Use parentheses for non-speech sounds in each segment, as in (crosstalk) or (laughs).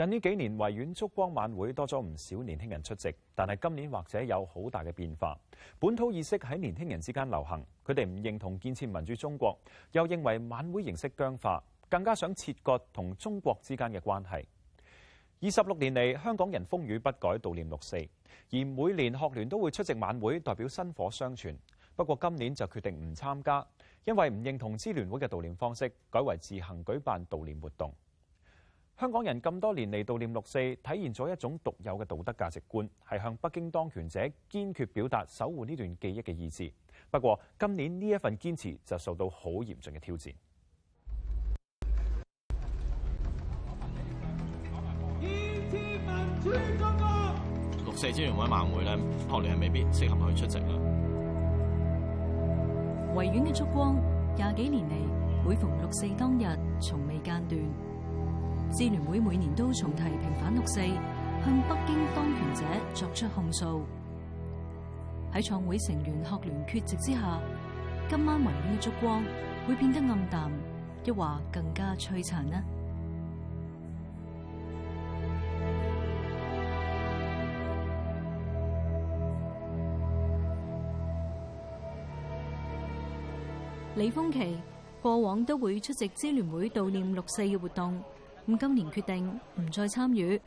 近呢幾年，維園燭光晚會多咗唔少年輕人出席，但係今年或者有好大嘅變化。本土意識喺年輕人之間流行，佢哋唔認同建設民主中國，又認為晚會形式僵化，更加想切割同中國之間嘅關係。二十六年嚟，香港人風雨不改，悼念六四，而每年學聯都會出席晚會，代表薪火相傳。不過今年就決定唔參加，因為唔認同支聯會嘅悼念方式，改為自行舉辦悼念活動。香港人咁多年嚟悼念六四，體現咗一種獨有嘅道德價值觀，係向北京當權者堅決表達守護呢段記憶嘅意志。不過今年呢一份堅持就受到好嚴峻嘅挑戰。六四支聯會晚會咧，後嚟係未必適合去出席啦。維園嘅燭光廿幾年嚟，每逢六四當日，從未間斷。支聯會每年都重提平反六四，向北京當權者作出控訴。喺創會成員學聯缺席之下，今晚維園嘅燭光會變得暗淡，抑或更加璀璨呢？李峰琪過往都會出席支聯會悼念六四嘅活動。咁今年決定唔再參與，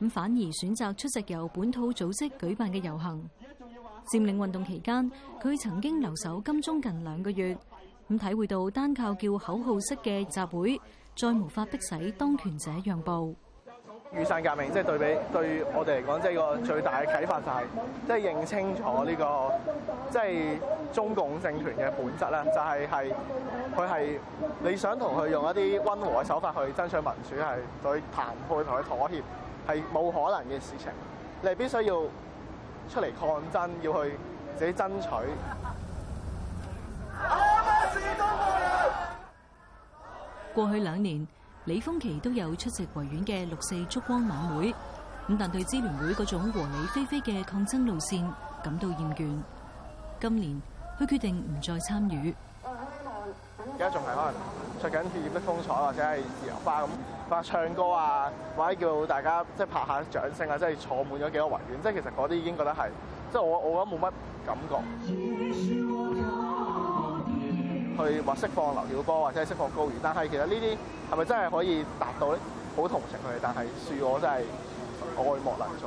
咁反而選擇出席由本土組織舉辦嘅遊行。佔領運動期間，佢曾經留守金鐘近兩個月，咁體會到單靠叫口號式嘅集會，再無法逼使當權者讓步。雨傘革命即係、就是、對比對我哋嚟講，即、就、係、是、個最大嘅啟發是就係，即係認清楚呢、這個即係、就是、中共政權嘅本質咧，就係係佢係你想同佢用一啲溫和嘅手法去爭取民主，係對談判同佢妥協係冇可能嘅事情，你必須要出嚟抗爭，要去自己爭取。過去兩年。李峰琪都有出席維園嘅六四燭光晚會，咁但對支聯會嗰種和理非非嘅抗爭路線感到厭倦，今年佢決定唔再參與。而家仲係可能着緊血染的風采或者係自由花咁，發唱歌啊，或者叫大家即係拍下掌聲啊，即係坐滿咗幾個維園，即係其實嗰啲已經覺得係，即係我我覺得冇乜感覺。去或釋放劉曉波或者釋放高瑜，但係其實呢啲係咪真係可以達到咧？好同情佢，但係恕我真係愛莫能助。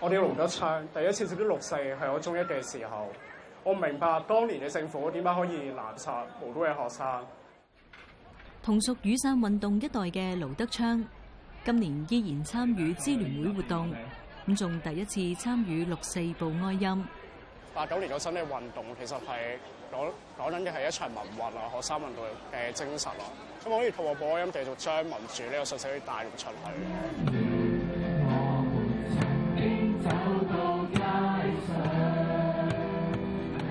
我叫盧德昌，第一次接觸六四係我中一嘅時候，我唔明白當年嘅政府點解可以濫殺無辜嘅學生。同屬雨傘運動一代嘅盧德昌，今年依然參與支聯會活動，咁、嗯、仲、嗯嗯、第一次參與六四報哀音。八九年嗰陣嘅運動其實係講講緊嘅係一場民運啊，學生運動嘅精神啊，咁可以透過播音繼續將民主呢個信息帶出去。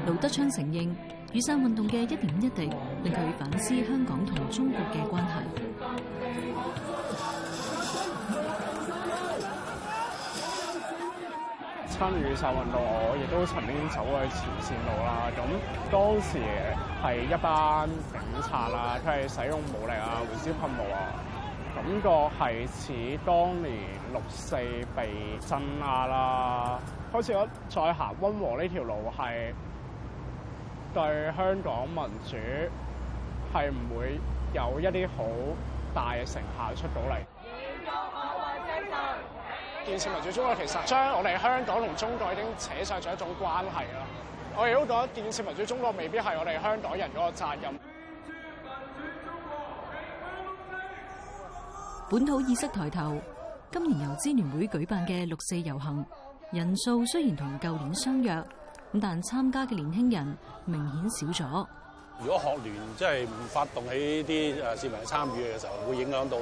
盧德昌承認雨傘運動嘅一點一滴，令佢反思香港同中國嘅關係。參與雨傘運動，我亦都曾經走過去前線路啦。咁當時係一班警察啦，佢係使用武力啊、胡椒噴霧啊，感覺係似當年六四被鎮壓啦。好似我再行温和呢條路，係對香港民主係唔會有一啲好大嘅成效出到嚟。建設民主中國，其實將我哋香港同中國已經扯上咗一種關係啦。我哋都覺得建設民主中國未必係我哋香港人嗰個責任。本土意識抬頭，今年由支聯會舉辦嘅六四遊行，人數雖然同舊年相若，咁但參加嘅年輕人明顯少咗。如果學聯真係唔發動起啲誒市民參與嘅時候，會影響到。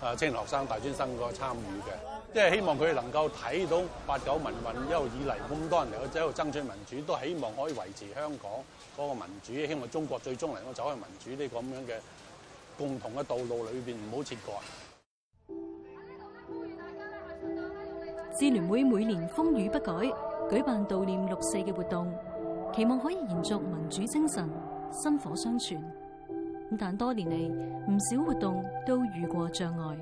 啊！青年學生、大專生個參與嘅，即係希望佢哋能夠睇到八九民運一路以嚟咁多人嚟去喺度爭取民主，都希望可以維持香港嗰個民主，希望中國最終能夠走向民主呢個咁樣嘅共同嘅道路裏邊唔好切割。支聯會每年風雨不改，舉辦悼念六四嘅活動，期望可以延續民主精神，薪火相傳。但多年嚟，唔少活動都遇過障礙。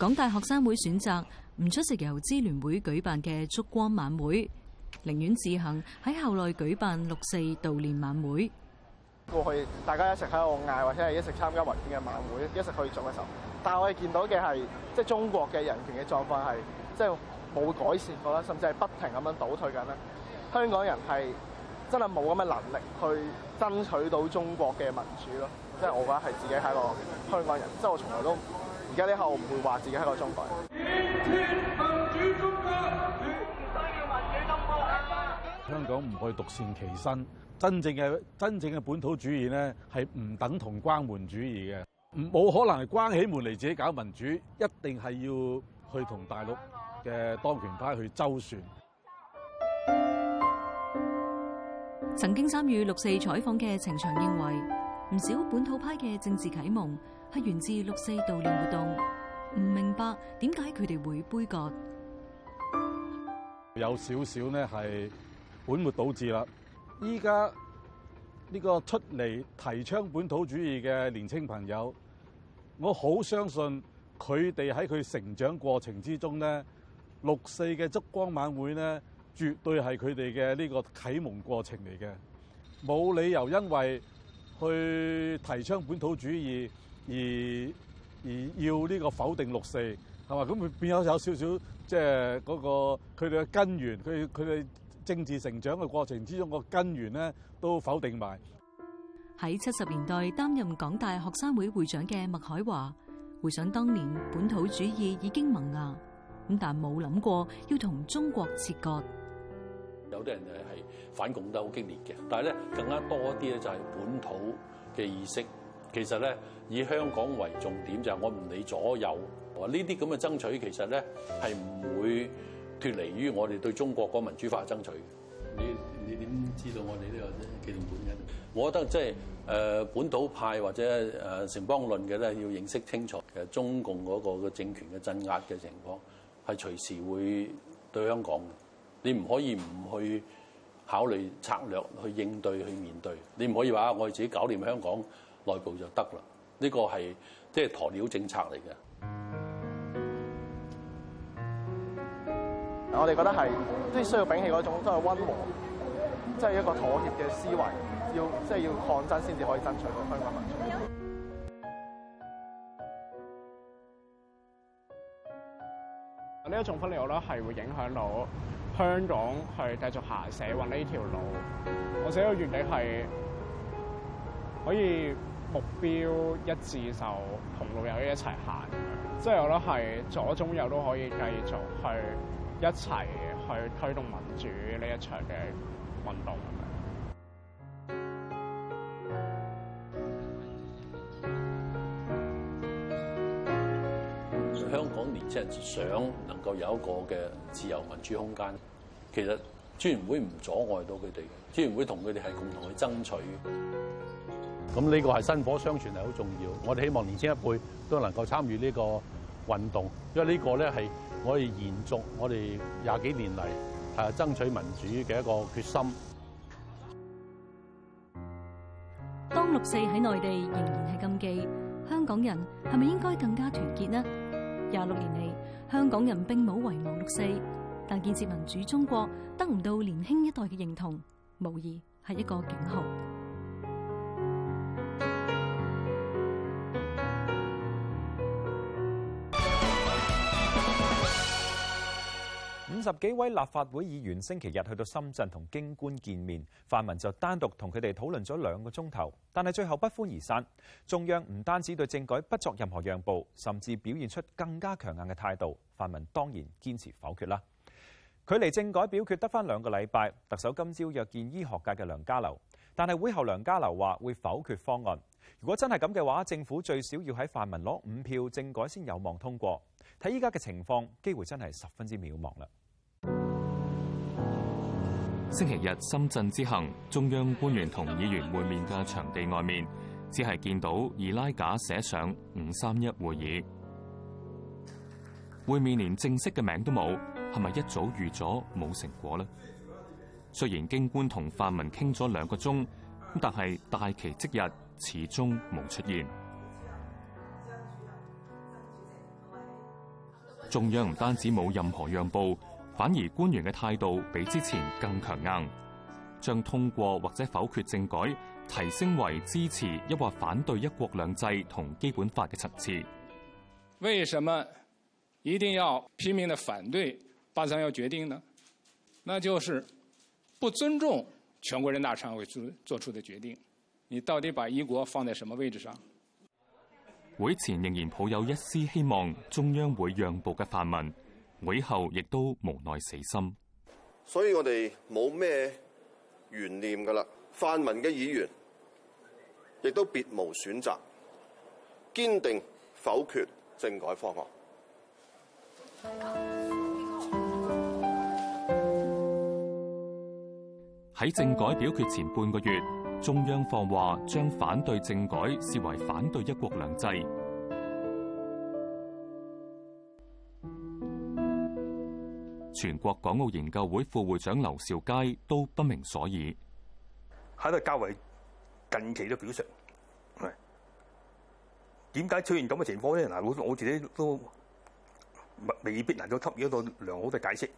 港大學生會選擇唔出席由支聯會舉辦嘅燭光晚會，寧願自行喺校內舉辦六四悼念晚會。過去大家一齊喺度嗌，或者係一齊參加民建嘅晚會，一齊去做嘅時候，但係我哋見到嘅係即係中國嘅人權嘅狀況係即係冇改善過啦，甚至係不停咁樣倒退緊啦。香港人係真係冇咁嘅能力去爭取到中國嘅民主咯，即係我覺得係自己喺度，香港人，即係我從來都。而家呢，後唔會話自己喺個中國，香港唔可以獨善其身真的。真正嘅真正嘅本土主義呢，係唔等同關門主義嘅，冇可能係關起門嚟自己搞民主，一定係要去同大陸嘅當權派去周旋。曾經參與六四採訪嘅程翔認為，唔少本土派嘅政治啟蒙。係源自六四悼念活動，唔明白點解佢哋會杯葛。有少少呢係本末倒置啦！依家呢個出嚟提倡本土主義嘅年青朋友，我好相信佢哋喺佢成長過程之中呢，六四嘅燭光晚會呢，絕對係佢哋嘅呢個啟蒙過程嚟嘅，冇理由因為去提倡本土主義，而而要呢個否定六四，係嘛？咁佢變咗有少少，即係嗰個佢哋嘅根源，佢佢哋政治成長嘅過程之中個根源咧，都否定埋。喺七十年代擔任港大學生會會長嘅麥海華，回想當年本土主義已經萌芽，咁但冇諗過要同中國切割。有啲人就係反共得好激烈嘅，但係咧更加多一啲咧就係本土嘅意識。其實咧，以香港為重點就係我唔理左右。呢啲咁嘅爭取，其實咧係唔會脫離於我哋對中國嗰個民主化嘅爭取。你你點知道我哋呢個啲幾本人。我覺得即係誒本土派或者誒城邦論嘅咧，要認識清楚其實中共嗰個嘅政權嘅鎮壓嘅情況係隨時會對香港嘅。你唔可以唔去考慮策略去應對去面對。你唔可以話我哋自己搞掂香港。內部就得啦，呢個係即係鴕鳥政策嚟嘅。我哋覺得係必須要摒棄嗰種即係溫和，即係一個妥協嘅思維，要即係要抗爭先至可以爭取到香港民主。呢一種分離，我覺得係會影響到香港去繼續行社運呢條路。我寫個原理係可以。目標一致就同路友一齊行，即係我覺得係左中右都可以繼續去一齊去推動民主呢一場嘅運動咁樣。香港年輕人想能夠有一個嘅自由民主空間，其實支聯會唔阻礙到佢哋嘅。支聯會同佢哋係共同去爭取。咁呢個係薪火相傳係好重要，我哋希望年青一輩都能夠參與呢個運動，因為呢個咧係我哋延續我哋廿幾年嚟係爭取民主嘅一個決心。當六四喺內地仍然係禁忌，香港人係咪應該更加團結呢？廿六年嚟，香港人並冇遺忘六四，但建設民主中國得唔到年輕一代嘅認同，無疑係一個警號。三十幾位立法會議員星期日去到深圳同京官見面，泛民就單獨同佢哋討論咗兩個鐘頭，但係最後不歡而散。中央唔單止對政改不作任何讓步，甚至表現出更加強硬嘅態度，泛民當然堅持否決啦。距離政改表決得返兩個禮拜，特首今朝約見醫學界嘅梁家騮，但係會後梁家騮話會否決方案。如果真係咁嘅話，政府最少要喺泛民攞五票政改先有望通過。睇依家嘅情況，機會真係十分之渺茫啦。星期日深圳之行，中央官員同議員會面嘅場地外面，只係見到易拉架寫上五三一會議。會面連正式嘅名都冇，係咪一早預咗冇成果咧？雖然京官同泛民傾咗兩個鐘，但係大奇蹟日始終冇出現。中央唔單止冇任何讓步。反而官員嘅態度比之前更強硬，將通過或者否決政改提升為支持抑或反對一國兩制同基本法嘅層次。為什麼一定要拼命地反對八三一決定呢？那就是不尊重全國人大常委會作出的決定。你到底把一國放在什麼位置上？會前仍然抱有一絲希望，中央會讓步嘅泛民。會後亦都無奈死心，所以我哋冇咩懸念噶啦。泛民嘅議員亦都別無選擇，堅定否決政改方案。喺政改表決前半個月，中央放話將反對政改視為反對一國兩制。全國港澳研究會副會長劉兆佳，都不明所以喺度較為近期都表述，點解出現咁嘅情況咧？嗱，我自己都未必能夠給予一個良好嘅解釋。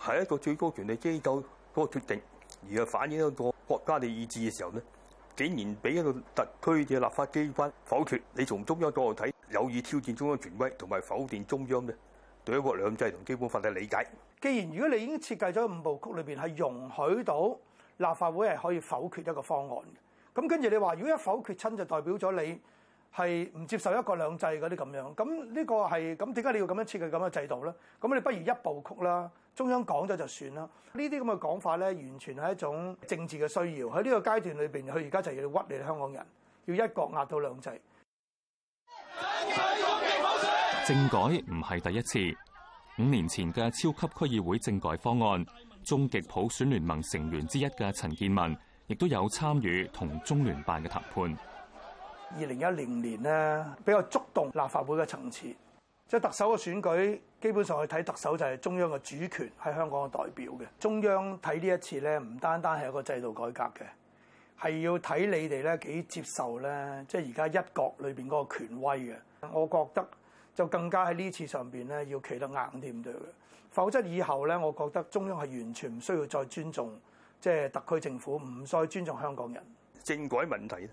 係一個最高權力機構嗰個決定，而係反映一個國家嘅意志嘅時候呢，竟然俾一個特區嘅立法機關否決，你從中央角度睇，有意挑戰中央權威同埋否定中央嘅對一國兩制同基本法嘅理解。既然如果你已經設計咗五步曲，裏邊係容許到立法會係可以否決一個方案嘅，咁跟住你話，如果一否決親就代表咗你係唔接受一國兩制嗰啲咁樣，咁呢個係咁點解你要咁樣設計咁樣制度咧？咁你不如一步曲啦，中央講咗就算啦。這些這呢啲咁嘅講法咧，完全係一種政治嘅需要喺呢個階段裏邊，佢而家就要屈你香港人，要一國壓到兩制。政改唔係第一次。五年前嘅超級區議會政改方案，終極普選聯盟成員之一嘅陳建文，亦都有參與同中聯辦嘅談判。二零一零年呢，比較觸動立法會嘅層次，即係特首嘅選舉，基本上去睇特首就係中央嘅主權喺香港嘅代表嘅。中央睇呢一次呢，唔單單係一個制度改革嘅，係要睇你哋咧幾接受咧，即係而家一國裏邊嗰個權威嘅。我覺得。就更加喺呢次上邊咧，要企得硬掂。對，否則以後咧，我覺得中央係完全唔需要再尊重，即係特區政府唔再尊重香港人。政改問題，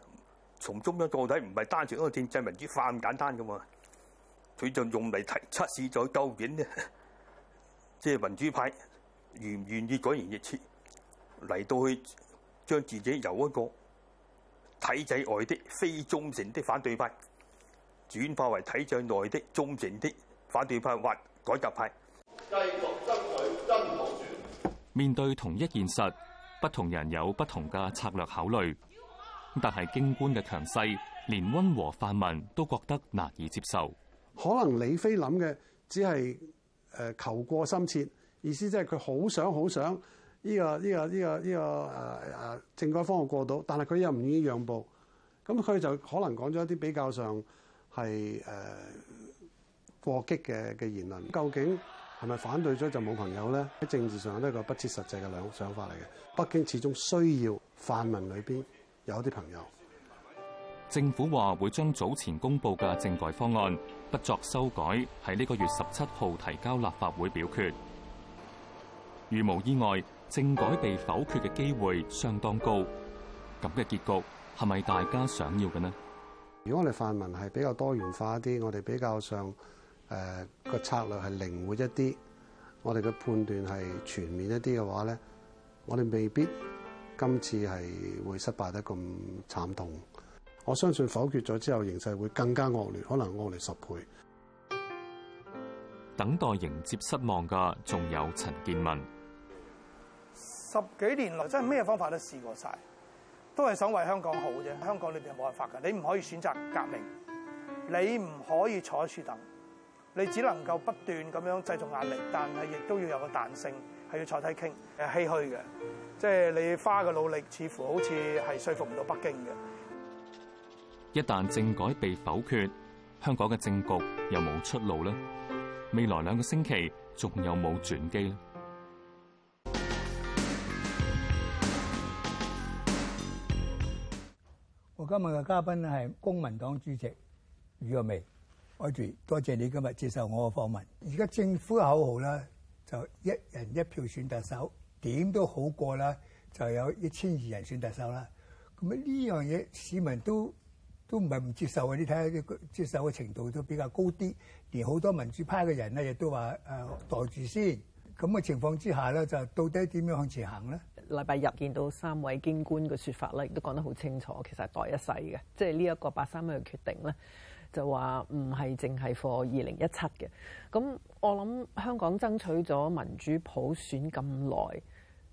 從中央角度唔係單純一個政制民主化咁簡單嘅嘛。佢就用嚟提測試咗究竟咧，即係民主派願唔願意改弦易轍，嚟到去將自己由一個體制外的非忠誠的反對派。轉化為體制內的忠誠的反對派或改革派，繼續爭取真普選。面對同一現實，不同人有不同嘅策略考慮，但係京官嘅強勢，連温和泛民都覺得難以接受。可能李飛諗嘅只係誒求過深切，意思即係佢好想好想呢個呢個呢個呢個誒誒政改方案過到，但係佢又唔願意讓步，咁佢就可能講咗一啲比較上。係誒、呃、過激嘅嘅言論，究竟係咪反對咗就冇朋友呢？喺政治上呢個不切實際嘅兩想法嚟嘅。北京始終需要泛民裏邊有啲朋友。政府話會將早前公佈嘅政改方案不作修改，喺呢個月十七號提交立法會表決。如無意外，政改被否決嘅機會相當高。咁嘅結局係咪大家想要嘅呢？如果我哋泛民係比較多元化一啲，我哋比較上誒個、呃、策略係靈活一啲，我哋嘅判斷係全面一啲嘅話咧，我哋未必今次係會失敗得咁慘痛。我相信否決咗之後，形勢會更加惡劣，可能惡劣十倍。等待迎接失望嘅仲有陳建文。十幾年來真係咩方法都試過晒。都係想為香港好啫，香港裏邊冇辦法嘅，你唔可以選擇革命，你唔可以坐喺處等，你只能夠不斷咁樣製造壓力，但係亦都要有個彈性，係要坐低傾，係唏噓嘅，即係你花嘅努力似乎好似係說服唔到北京嘅。一旦政改被否決，香港嘅政局有冇出路咧？未來兩個星期仲有冇轉機咧？我今日嘅嘉賓咧係公民黨主席余若薇，多謝你今日接受我嘅訪問。而家政府嘅口號咧就一人一票選特首，點都好過啦，就有一千二人選特首啦。咁啊呢樣嘢市民都都唔係唔接受啊。你睇下接受嘅程度都比較高啲，而好多民主派嘅人咧亦都話誒，待住先。咁嘅情況之下咧，就到底點樣向前行咧？禮拜日見到三位京官嘅説法咧，亦都講得好清楚，其實係代一世嘅，即係呢一個八三一嘅決定咧，就話唔係淨係 for 二零一七嘅。咁我諗香港爭取咗民主普選咁耐，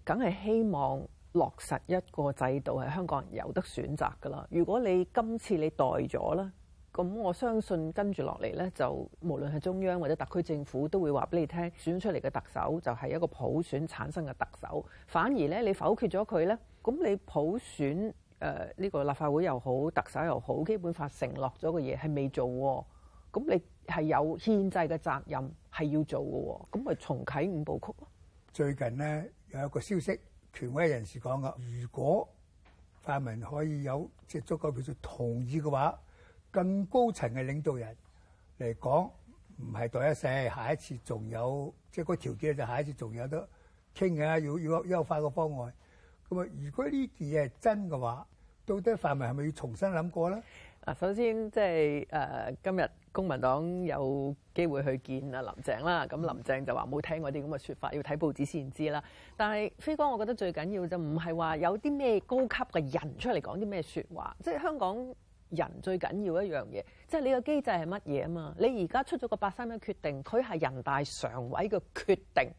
梗係希望落實一個制度係香港人有得選擇㗎啦。如果你今次你代咗啦。咁我相信跟住落嚟呢，就無論係中央或者特區政府都會話俾你聽，選出嚟嘅特首就係一個普選產生嘅特首。反而呢，你否決咗佢呢？咁你普選誒呢、呃呢個立法會又好，特首又好，基本法承諾咗嘅嘢係未做嘅，咁你係有憲制嘅責任係要做嘅，咁咪重啟五部曲咯。最近呢，有一個消息，權威人士講嘅，如果泛民可以有即足夠票數同意嘅話，更高層嘅領導人嚟講，唔係代一世，下一次仲有，即係個條件就下一次仲有得傾嘅，要要優化個方案。咁啊，如果呢件嘢係真嘅話，到底範圍係咪要重新諗過咧？嗱，首先即係誒今日公民黨有機會去見阿林鄭啦。咁林鄭就話冇聽我啲咁嘅説法，要睇報紙先知啦。但係飛哥，我覺得最緊要就唔係話有啲咩高級嘅人出嚟講啲咩説話，即係香港。人最緊要一樣嘢，即係你個機制係乜嘢啊嘛？你而家出咗個八三一決定，佢係人大常委嘅決定。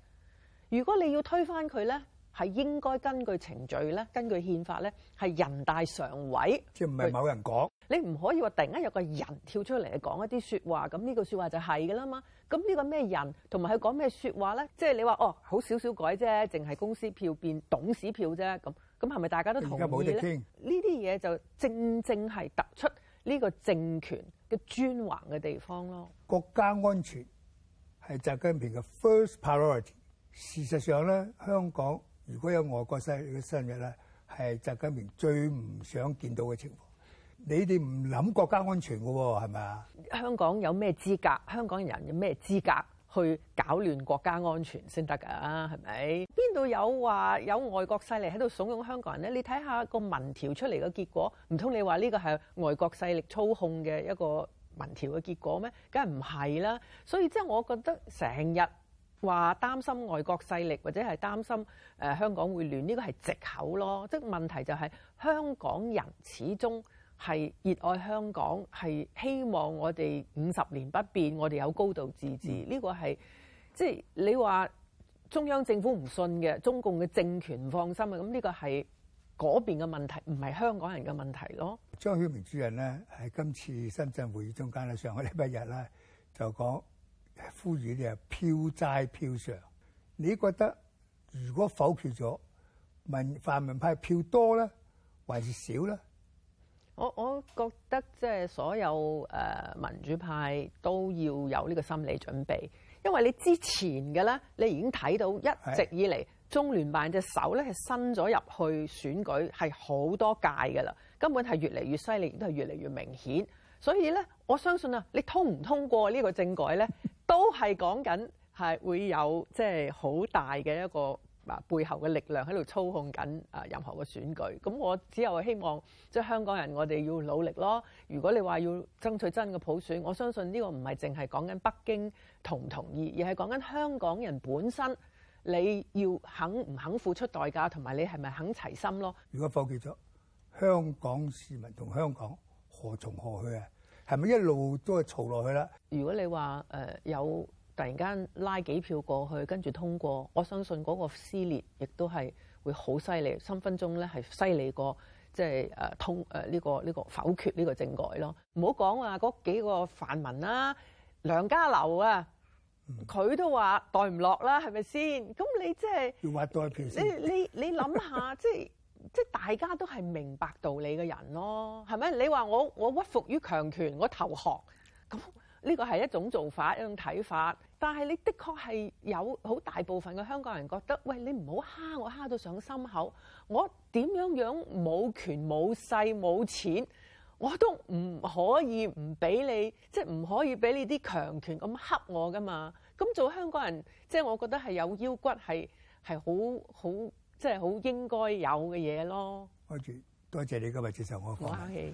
如果你要推翻佢呢，係應該根據程序呢，根據憲法呢，係人大常委。即係唔係某人講？你唔可以話突然間有個人跳出嚟講一啲説話，咁呢個説話就係㗎啦嘛。咁呢個咩人同埋佢講咩説話呢？即係你話哦，好少少改啫，淨係公司票變董事票啫咁。咁係咪大家都同意咧？呢啲嘢就正正係突出呢個政權嘅專橫嘅地方咯。國家安全係習近平嘅 first priority。事實上咧，香港如果有外國勢力嘅身影咧，係習近平最唔想見到嘅情況。你哋唔諗國家安全嘅喎、哦，係咪啊？香港有咩資格？香港人有咩資格？去搞亂國家安全先得㗎，係咪？邊度有話有外國勢力喺度慫恿香港人咧？你睇下個民調出嚟嘅結果，唔通你話呢個係外國勢力操控嘅一個民調嘅結果咩？梗係唔係啦。所以即係我覺得成日話擔心外國勢力或者係擔心誒香港會亂，呢個係藉口咯。即係問題就係、是、香港人始終。係熱愛香港，係希望我哋五十年不變，我哋有高度自治。呢個係即係你話中央政府唔信嘅，中共嘅政權唔放心嘅，咁呢個係嗰邊嘅問題，唔係香港人嘅問題咯。張曉明主任咧，喺今次深圳會議中間咧，上個禮拜日咧就講呼籲啲啊票債票償。你覺得如果否決咗民泛民派票多咧，還是少咧？我我覺得即係所有誒、呃、民主派都要有呢個心理準備，因為你之前嘅咧，你已經睇到一直以嚟中聯辦隻手咧係伸咗入去選舉，係好多屆㗎喇，根本係越嚟越犀利，都係越嚟越明顯。所以咧，我相信啊，你通唔通過呢個政改咧，都係講緊係會有即係好大嘅一個。啊！背後嘅力量喺度操控緊啊！任何嘅選舉，咁我只係希望即係、就是、香港人，我哋要努力咯。如果你話要爭取真嘅普選，我相信呢個唔係淨係講緊北京同唔同意，而係講緊香港人本身你要肯唔肯付出代價，同埋你係咪肯齊心咯？如果否決咗，香港市民同香港，何從何去啊？係咪一路都係嘈落去啦？如果你話誒、呃、有突然間拉幾票過去，跟住通過，我相信嗰個撕裂亦都係會好犀利，分分鐘咧係犀利過即係誒通誒呢、啊呢個呢、呢個否決呢個政改咯。唔好講話，嗰幾個泛民啦、啊，梁家騮啊，佢、嗯、都話待唔落啦，係咪先？咁你即、就、係、是、要揾代票先？你你你諗下， (laughs) 即係即係大家都係明白道理嘅人咯，係咪？你話我我屈服於強權，我投降咁？呢個係一種做法，一種睇法。但係你的確係有好大部分嘅香港人覺得，喂，你唔好蝦我，蝦到上心口。我點樣樣冇權冇勢冇錢，我都唔可以唔俾你，即係唔可以俾你啲強權咁黑我噶嘛。咁做香港人，即係我覺得係有腰骨，係係好好，即係好應該有嘅嘢咯。開住，多謝你今日接受我講。客氣。